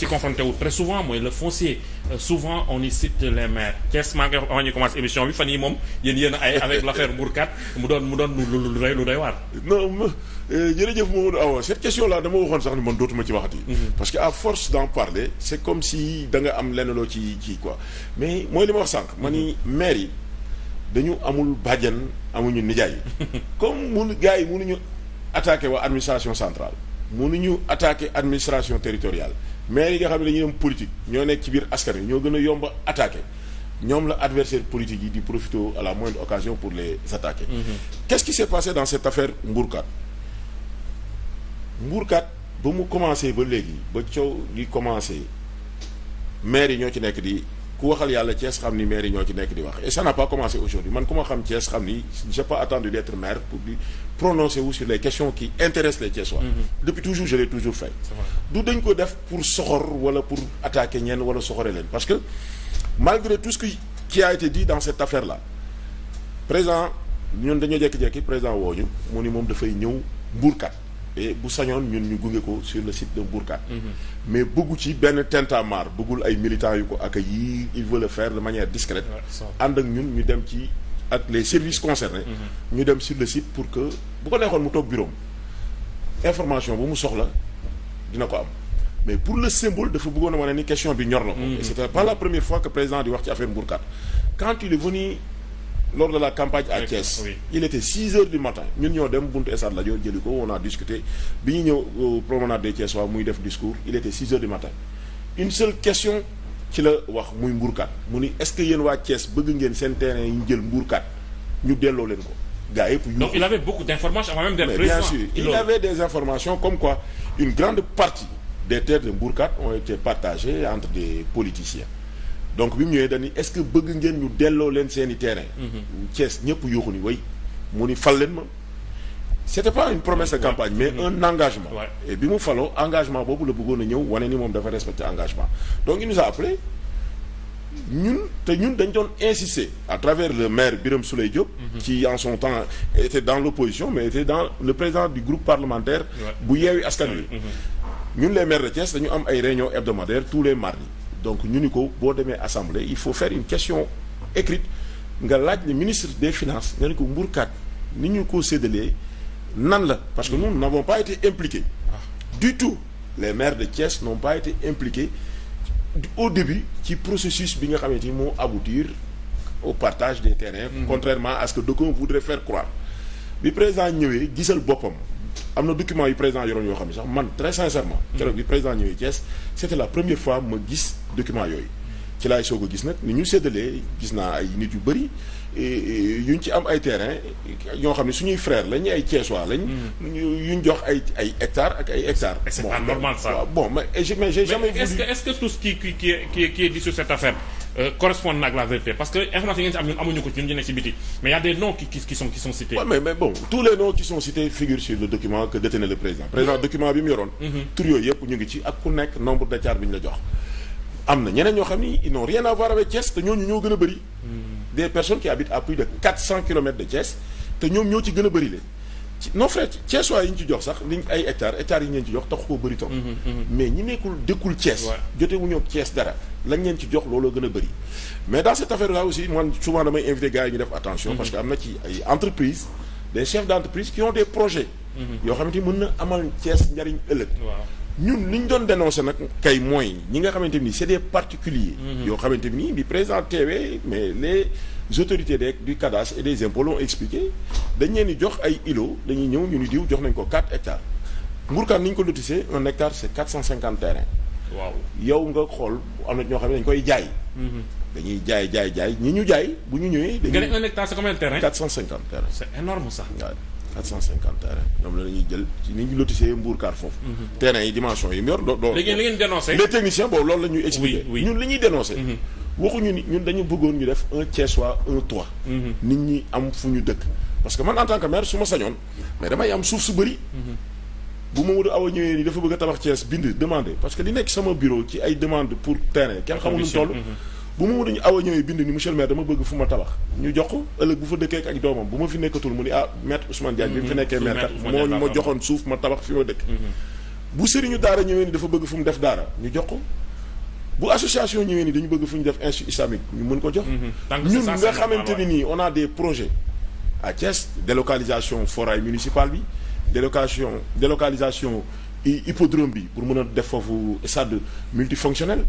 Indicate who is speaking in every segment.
Speaker 1: ci confronté wu très souvent mooy le foncier euh, souvent on y cite les maires Thiès maa ngi wax avant ñu émission bi fan yi moom yéen yéen ay avec l'affaire Bourkat mu doon mu doon
Speaker 2: lu lu lu doy waar. non euh, jërëjëf Mamadou Awa cette question là dama waxoon sax ni man dootuma ci waxati. Mhm. parce que à force d'en parler c'est comme si da nga am lenn loo ci ci quoi mais mooy li ma wax sànq ma ni mhm. maire yi dañu amul bàjjan amuñu nijaay comme mun gars yi mënuñu attaqué waa administration centrale mënuñu attaqué administration territoriale maire yi nga xam ne dañuy dem politique ñoo nekk ci biir askan wi ñoo gën a yomb a attaqué ñoom la adversaire politique yi di profité à la moindre occasion pour les attaquer. Mmh. qu'est-ce qui s'est passé dans cette affaire Mbourkat Mbourkat ba mu commencé ba léegi ba coow li commencé maire yi ñoo ci nekk di. ku waxal yàlla Thiès xam ni maire yi ñoo ci nekk di wax et ça n'a pas commencé aujourd'hui man ku ma xam Thiès xam ni j'ai pas attendu d'être maire pour di prononcer wu sur les questions qui intéressent les Thiessois mm-hmm. depuis toujours je toujours fait du dañ ko def pour soxor wala pour attaquer ñenn wala soxore leen parce que malgré tout ce qui qui a été dans cette affaire là président ñun dañoo jekki-jekki président wooñu moom dafay ñëw mbuurkat bu sañoon ñun ñu gunge ko sur le site de Mbourkat mhm. mais bëggu ci benn tintamarre bëggul ay militants yu ko ak yii il veut le faire de manière discrète ànd ak ñun ñu dem ci ak les service concernés mhm. ñu dem sur le site pour que bu ko neexoon mu toog bureau information bu mu soxla dina ko am mais pour le symbole dafa bëggoon a wane question bi ñor na ko mhm. et c'était pas la première fois que président di wax ci affaire Mbourkat quand il est lors de la campagne à Thiès oui. il était 6 heures du matin ñun ñoo dem buntu Stade Lat Dior jëli ko on a discuté bi ñu ñëw euh, promenade de Thiès waa muy def discours il était 6 heures du matin une seule question ci la wax muy mbuurkat mu ni est-ce yéen waa Thiès bëgg ngeen seen terrain yi jël mbuurkat ñu delloo leen ko gaa yëpp donc il
Speaker 1: avait beaucoup d'informations avant même d'être bien sûr il
Speaker 2: avait des informations comme quoi une grande partie des terres de mbuurkat ont été partagées entre des donc bi mu ñëwee dañuy est-ce que bëgg ngeen ñu delloo leen seeni i terrain. Mm-hmm. Thiès ñëpp yuuxu ni way mu ni fal leen ma. c'était pas une promesse de campagne mais mm-hmm. un engagement. et bi mu faloo engagement boobu la bëggoon a ñëw wane ni moom dafa respecter engagement donc il nous a ñun te ñun dañ doon insister à travers le maire Birame Souleye Diop. Mm-hmm. qui en son temps était dans l'opposition mais était dans le président du groupe parlementaire. bu yeewi askan wi. ñun les maires de Thiès dañu les mardis. donc ñu ni ko boo demee assemblée il faut faire une question écrite nga laaj le ministre des finances nga ni ko mburkaat ni ñu ko séddalee nan la parce que nous n'avons pas été impliqués du tout les maires de Thiès n'ont pas été impliqués au début ci processus bi nga xamante ni moo aboutir au partage des terrains mm -hmm. contrairement à ce que d'aucuns voudraient faire croire bi président ñëwee gisal boppam am na document yu président yoroon yoo xam ne sax man très sincèrement keroog bi président ñëwee Thiès c'était la première fois ma gis document yooyu ci laay soog a gis nag ni ñu séddalee gis naa ay nit yu bëri yuñ ci am ay terrain ñoo xam ne suñuy frère lañ ay Thiessois lañ. Hmm. yuñ jox ay ay hectares ak ay hectares.
Speaker 1: parce que information ngeen ci am ñun amuñu ko ci ñu nekk ci biti mais y a des noms qui qui sont qui sont cités. waaw le
Speaker 2: document que détenait le président. président document bi mu yoroon. Mm-hmm. tur yooyu yëpp ñu ngi ci ak ku nekk nombre d'hectares bi ñu la jox. am na ñeneen ñoo xam ni ils n'ont rien à voir avec te ñooñu ñoo gën a bëri. Hmm. des personnes qui habitent à plus de 400 kilomètres de Thiès te ñoom ñoo ci gën a bëri le ci non frère Thiès waa yi ñu jox sax liñ ay hectares hectares yi ñu leen ci jox taxu koo bëri trop. Hmm, hmm, mais ñi nekkul dëkkul Thiès. jotewuñu ak Thiès dara lañ leen ci jox looloo gën a bëri. mais dans cette affaire là aussi man souvent damay invité gars yi ñu def attention. parce que am na des chefs d' entreprise qui ont des projets. yoo xamante ni mën na amal ñun li ñu doon dénoncé nag kay mooy ñi nga xamante ni c'est des particuliers mhm. yoo xamante nii bi présent teewee mais les autorités des du cadastre et des impôts expliqué dañ leen di jox ay ilo dañuy ñëw ñu ni diw jox nañ ko 4 hectares Mbourkaan ni ñu ko lotissé un hectare c'est cinquante terrains waaw yow nga xool am na ñoo xam ne dañ koy jaay mhm. dañuy jaay jaay jaay ñi ñu jaay bu ñu ñëwee dañuy un hectare c'est combien de terrains 450 terrains c'est énorme ça quatre cent cinquante terrain ñoom la ñuy jël ci ni ñu foofu. Mhm. terrain yi dimension yi mu yor. loolu léegi li ngeen dénoncé. les techniciens boobu loolu mhm. ni ñun dañu bëggoon ñu def un Thiessois mhm. nit ñi am fu ñu dëkk. parce que man en tant que maire su ma sañoon mais damay am suuf su bëri. bu Mamadou Awa ñëwee ni dafa bëgg a tabax Thiès bind demander parce que li nekk sama bureau ci ay demande pour terrain kenn xamul nu toll. bu Mamadou Awa ñëwee bind ni monsieur le maire dama bëgg fu ma tabax ñu jox ko ëllëg bu fa dëkkee ak doomam bu ma fi nekkatul mu ni ah maître Ousmane Diagne bi mu fi mm-hmm. nekkee maire kat moo ñu ma joxoon suuf ma tabax fi ma dëkk mm-hmm. bu sëriñu daara ñëwee ni dafa bëgg fu mu def daara ñu jox ko bu association ñëwee ni dañu bëgg fu ñu def institut islamique ñu mën ko jox mm-hmm. ñun nga xamante ni nii on a des projet à Thiès délocalisation forêt municipale bi délocalisation délocalisation hippodrome bi pour mën a def foofu stade multifonctionnel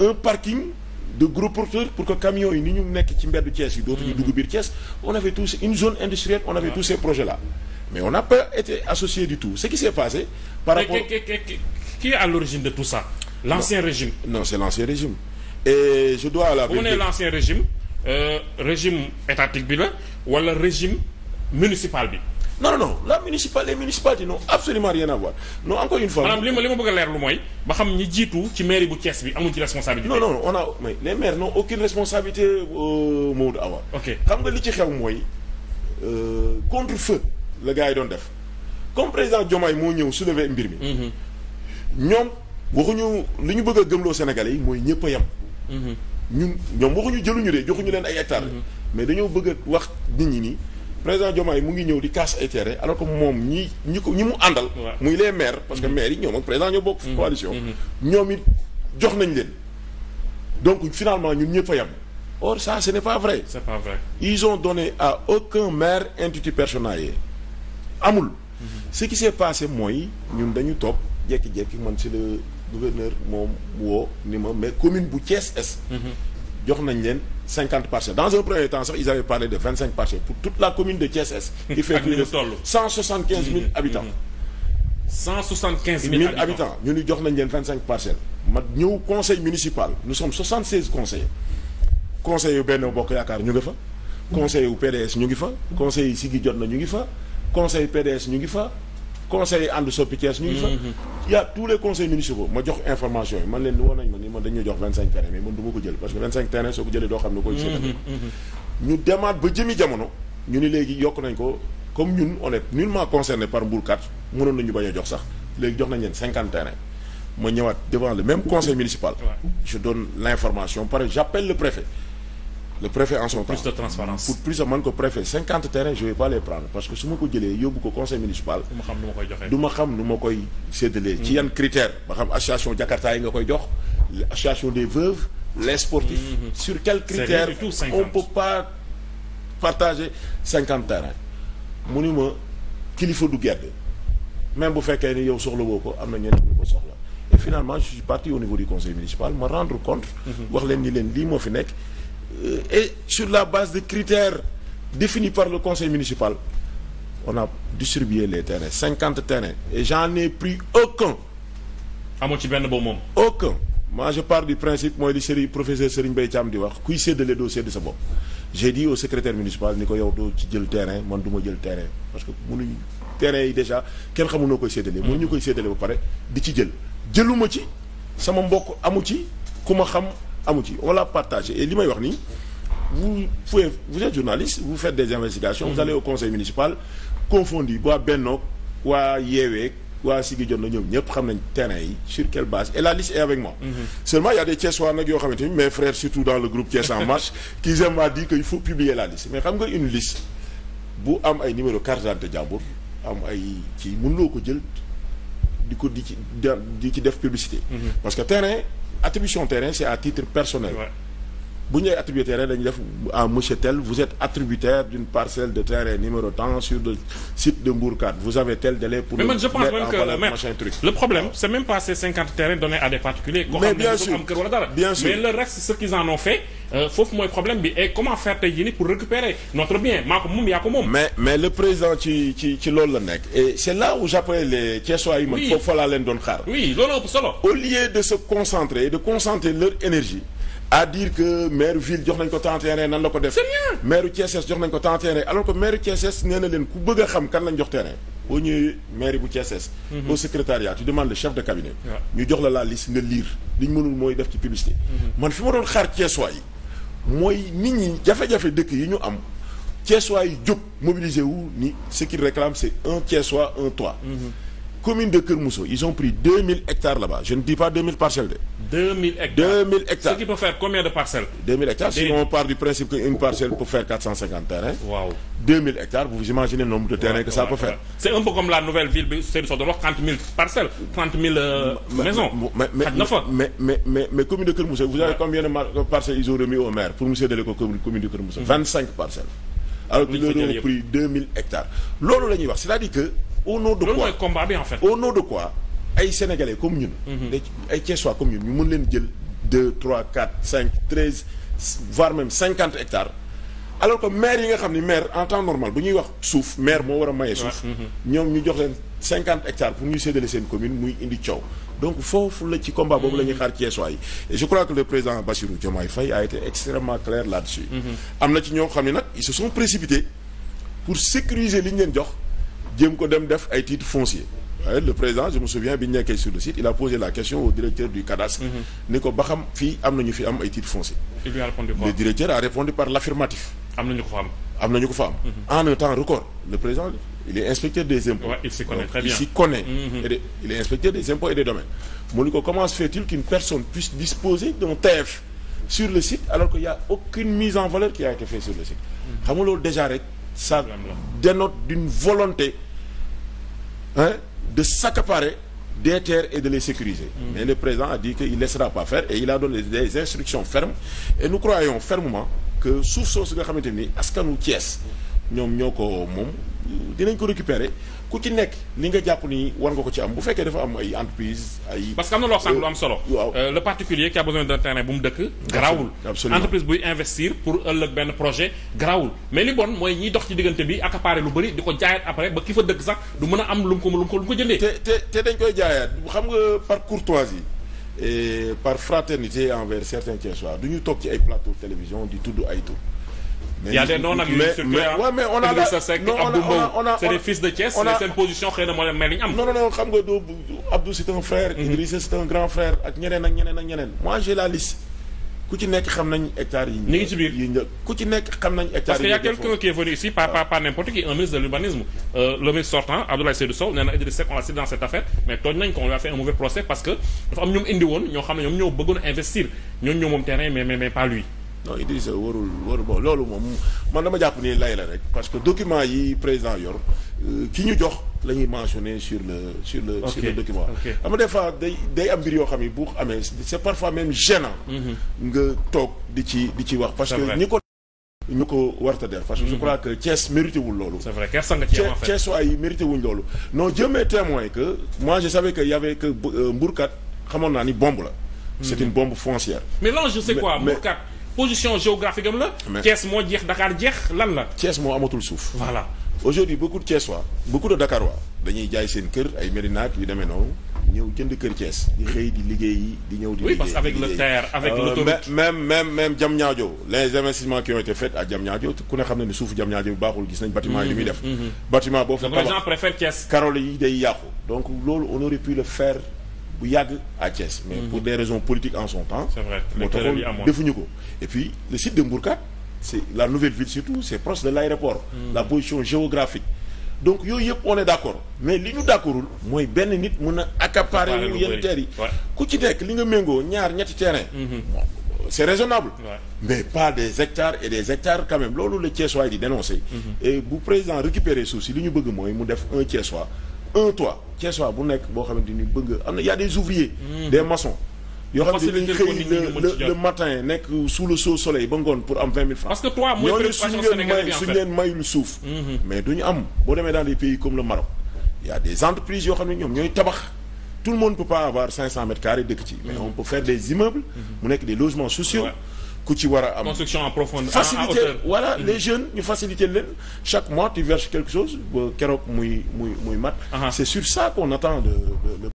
Speaker 2: un parking de gros porteurs pour que camions yi ni ñu nekk ci mbeddu Thiès yi dootuñu dugg biir Thiès on avait tous une zone industrielle on avait tous ces projets là mais on n'a pas été associé du tout ce qui s'est passé par rapport qui est à l'origine de tout ça l'ancien régime non c'est l'ancien régime et je dois à la vérité bu mu nee
Speaker 1: l'ancien euh, régime étatique bi la wala régime municipal bi non non non la municipal les municipalités n'ont absolument rien à voir non encore une fois. maanaam li ma li ma bëgg a leerlu mooy ba xam ñi jiitu ci mairie bu Thiès bi amuñ ci responsabilité. non non
Speaker 2: on a mais les maires n'ont aucune responsabilité euh, Maodo Awa. ok xam nga li ci xew mooy euh, contre feu la gars yi doon def comme président Diomaye moo ñëw soulever mbir mi. Mhm. ñoom waxuñu li ñu bëgg a gëmloo Sénégalais yi mooy ñëpp a yem. Mhm. ñun ñoom waxuñu jëluñu de joxuñu leen ay hectares. Mhm. mais dañoo bëgg a wax nit ñi nii. président Diomaye mu ngi ñëw di casse ay terrain alors que moom ñi ñi ko ñi mu àndal muy les maires parce que mm-hmm. maires yi ñoom ak président ñoo bokk mm-hmm. coalition mm-hmm. ñoom it jox nañ leen donc finalement ñun ñëpp fa yem or ça ce n'est pas vrai c'est pas vrai ils ont donné à aucun maire intitut personnel amul ce qui s'est passé mooy ñun dañu topp jekki-jekki man si le gouverneur moom woo ni ma mais commune bu Thiès es jox nañ leen cinquante parcelles dans un premier temps sax ils avaient parlé de vingt cinq parcelles pour toute la commune de Thiès Est qui fait plus de cent soixante quinze mm-hmm. mm-hmm. mille habitants mille habitants ñu ni jox nañ leen vingt cinq parcelles ma ñëw conseil municipal nous sommes soixante seize conseillers conseillers yu Benno Bokk Yaakaar ñu ngi fa conseillers yu PDS ñu ngi fa conseillers yi Sigi jot na ñu ngi fa conseillers PDS ñu ngi fa conseil ànd soppi Thiès ñu ngi fa mhm. y a tous les conseils municipaux ma jox information yi man leen ni woon nañ ma ni man dañuy jox vingt cinq terrain mais man ko jël parce que vingt cinq terrain soo ko jëlee doo xam ne koy s mhm, mhm. ñu demaat ba jëmi jamono ñu ni léegi yokk nañ ko comme ñun on est nullement concerné par Mbour 4 mënoon nañu bañ a jox sax léegi jox nañ leen cinquante terrain ma ñëwaat devant le même conseil municipal je donne l'information par j'appelle le préfet le préfet en son temps pour plus de transparence pour plus de man ko préfet cinquante terrains je vais pas les prendre parce que su ma ko jëlee yóbbu ko conseil municipal. du ma xam nu ma koy joxee du ci yan critères ma xam association Jakarta yi nga koy jox association des veuves les sportifs. Mm-hmm. sur quels critères on peut pas partager cinquante terrains. mu ni ma kilifa du gedd même bu fekkee ni yow soxla woo ko am na ñenn ñu ko soxla et finalement je suis parti au niveau du conseil municipal ma rendre compte. Mm-hmm. wax leen ni leen lii moo fi nekk. Euh, et sur la base de critères définis par le conseil municipal on a distribué les terrains cinquante terrains et j'en ai pris aucun amoo ci benn boobu moom aucun ma je pars du principe mooy li sëriñ professeur Serigne Mbaye Thiam di wax kuy séddale doo sédd sa bopp j'ai au secrétaire municipal ni ko yow doo ci jël terrain man du ma jël terrain parce que mënuñ terrain yi déjà kenn xamul noo koy séddale mm-hmm. mënu ñu koy séddale ba pare di ci jël jëluma ci sama mbokk amu ci amu ci on l'a partagé et li may wax nii vous pouvez vous êtes journaliste vous faites des investigations vous allez au conseil municipal confondu waa Benno waa Yewee waa Sigi jot na ñoom ñëpp xam nañ terrain yi sur quelle base et la liste est avec moi mm -hmm. seulement il y a des nag yoo xamante ni mes frères surtout dans le groupe Thiès en marche qui aiment xam nga une liste bu am ay numéro carte d'identité jàmbur am ay ci loo ko jël di ko di ci di ci def publicité mhm. parce que terrain attribution terrain c'est à titre personnel. Ouais. bu ñu lay attributaire dañu def à monsieur tel vous êtes attributaire d'une parcelle de terrain numéro tant sur le site de Mbourkat vous avez tel délai pour. le
Speaker 1: problème c'est même pas ces terrains donnés à des particuliers. mais bien sûr bien sûr le reste ce qu'ils en ont fait euh, foofu mooy problème bi et comment faire tey jii nii pour récupérer notre bien maa ko moom yaa ko moom.
Speaker 2: mais mais le président ci ci ci la nekk. et c'est là où j'appelle les Thiessois yi man. foofu laa leen à dire que maire ville jox nañ ko temps terrain nan la ko def. maire Thiès jox nañ ko ten terrain alors que maire Thiès nee na leen ku bëgg a xam kan lañ jox terrain boo ñëwee maire bu Thiès. Mhm. au secrétariat tu demandes le chef de cabinet. ñu jox la la liste nga lire li ñu mënul mooy def ci publicité. Mhm. man fi ma doon xaar Thiessois yi mooy nit ñi jafe-jafe dëkk yi ñu am Thiessois yi jóg mobiliser wu ni ce qu'il réclame c'est un Thiessois un toit. Mhm. commune de Kër ils ont pris hectares là-bas je ne dis pas parcelles
Speaker 1: de. parcelles. hectares si on
Speaker 2: part du principe qu'une parcelle peut faire 450 hectares vous imaginez le nombre de terrains que ça peut faire.
Speaker 1: c'est un peu comme la nouvelle ville parcelles 30 euh, mais
Speaker 2: mais commune de Kër vous avez combien de parcelles ils ont remis au maire pour mu séddale commune de Kër Mousso. 25 mhm. parcelles. alors qu'ils leur la ñuy wax au nom de quoi combat bi en ay sénégalais comme ñun. Mhm. ay Thiessois comme ñun ñu mën leen jël deux trois quatre cinq treize voire même cinquante hectares. alors que maire yi nga xam ni maire en temps normal bu ñuy wax suuf maire moo war a maye suuf. Mhm. ñoom ñu jox leen cinquante hectares pour ñuy séddale seen commune muy indi coow. donc foofu la ci combat boobu la ñuy mhm. xaar Thiessois yi je crois que le président Bassirou Diomaye Faye a été extrêmement clair là-dessus. am na ci ñoo xam ne nag ils se sont précipités pour sécuriser li ñu leen jox. jéem ko dem def ay titre foncier le président je me souviens bi ñu nekkee sur le site il a posé la question au directeur du cadastre mm-hmm. ni ko ba xam fii am nañu fi am ay titre foncier
Speaker 1: le directeur
Speaker 2: a répondu par l'affirmatif am nañu ko ko fa am mm-hmm. en un temps record le président il est inspecteur des impôts il s'y connaît mm-hmm. il est inspecteur des impôts et des domaines mu ni ko comment fait-il qu'une personne puisse disposer d'un TF sur le site alors qu'il y a aucune loolu déjà rek ça dénote d'une volonté hein, de s'accaparer des terres et de les sécuriser. Mm. Mais le président a dit qu'il ne laissera pas faire et il a donné des instructions fermes. Et nous croyons fermement que sous ce que nous avons dit, nous avons dinañ ko récupérer ku ci nekk li nga jàpp ni war nga ko ci am bu fekkee dafa am ay entreprise ay. parce
Speaker 1: que am na loo sànq lu am solo. Euh, euh, le particulier qui a besoin d'un terrain bu mu dëkk. garaawul entreprise buy investir pour ëllëg benn projet garaawul mais li bon mooy ñiy dox ci diggante bi accaparer lu bëri di ko jaayaat après ba ki fa dëkk sax du mën a
Speaker 2: am lu mu ko mu ko lu mu ko jëndee. te te te dañ koy jaayaat xam nga par courtoisie. et par fraternité envers certains Thiessois ñu toog ci ay plateau télévision di tudd ay tur. il y a des noms nag yu circulé mais c'est des fils de Thiès c'est un grand frère ak ñeneen ak ñeneen ak la liste ku ci nekk xam nañ hectares yi. ñu ci biir yi ku ci nekk xam nañ hectares yi. parce que y' a quelqu'un
Speaker 1: qui est venu ici par par par n'importe qui un ministre de l'urbanisme euh, le ministre sortant Abdoulaye Seydou Sow nee na Idriss Seck on l'a cité dans cette affaire mais tooñ nañ ko on lui a fait un mauvais procès parce que dafa am ñoom indi woon ñoo xam ne
Speaker 2: ñoom ñoo non Idrissa warul warul bon loolu moom man dama jàpp ni lay la rek parce que document yi président yor euh, ki ñu jox la ñuy mentionné sur le sur le okay. sur le document ama des fois am mbir yoo xam ne bu amee c'est parfois même gênant mhm. nga toog di ci di ci wax parce que ñi ko ñu ko warta def parce que je mhm. crois que Thiès mérité wul loolu c'est vrai kersa nga ci am en fait loolu non Dieu m'est témoin que moi je savais que euh, xamoon naa ni bomb la c'est mhm. une bombe foncière
Speaker 1: position géographique am la. Thiès moo jeex
Speaker 2: Dakar jeex lan la. Thiès moo amatul suuf. voilà aujourd'hui beaucoup de Thiessois beaucoup de Dakarois dañuy jaay seen kër ay Médina yu demee noonu. ñëw jënd kër Thiès di xëy di liggéey yi di ñëw di. liggéey oui parce que avec le terre avec euh, l'autoroute même même même Diamniadio les investissements qui ont été faits à Diamniadio ku ne xam na ne suufu Diamniadio bi baaxul gis nañ bâtiment yi li muy mhm, def. Mhm. bâtiment boo fa tabax donc yi day yàqu donc loolu on bu yàgg a Thiès. mais mhm. pour des raisons politiques en son temps. c'est vrai moo taxoon defuñu ko. et puis le site de Mbourkat c'est la nouvelle ville surtout c'est proche de l'aéroport mhm. la position géographique. donc yooyu yëpp on d'accord mais li ñu d'accordul mooy benn nit mën a accaparer wu yenn terres ku ci nekk li nga méngoo ñaar ñetti terrain mhm. c'est raisonnable mais pas des hectares et des hectares quand même loolu la Thiessois di dénoncer et bu président récupérer li ñu bëgg mooy mu def Thiessois bu nekk boo xamante ni bëgg am na y des ouvriers. Mm. des maçons. yoo xam ne dañuy xëy le le matin nekk sous le sous soleil ba ngoon pour am vingt mille francs. parce que trois mooy préoccupation sénégalaise bi en suuf. Mm-hmm. mais du ñu am boo demee dans des pays comme le Maroc. y a des entreprises yoo xam ne ñoom ñooy tabax. tout le monde peut pas avoir cinq cent mètres carrés dëkk ci. mais mm-hmm. on peut faire des immeubles. Mm-hmm. mu nekk des logements sociaux. ku ci war a am
Speaker 1: construction en profondeur faciliter voilà mm-hmm. les
Speaker 2: jeunes ñu faciliter leen chaque mois tu verses quelque chose ba keroog muy muy muy mat uh-huh. c'est sur ça qu'on attend le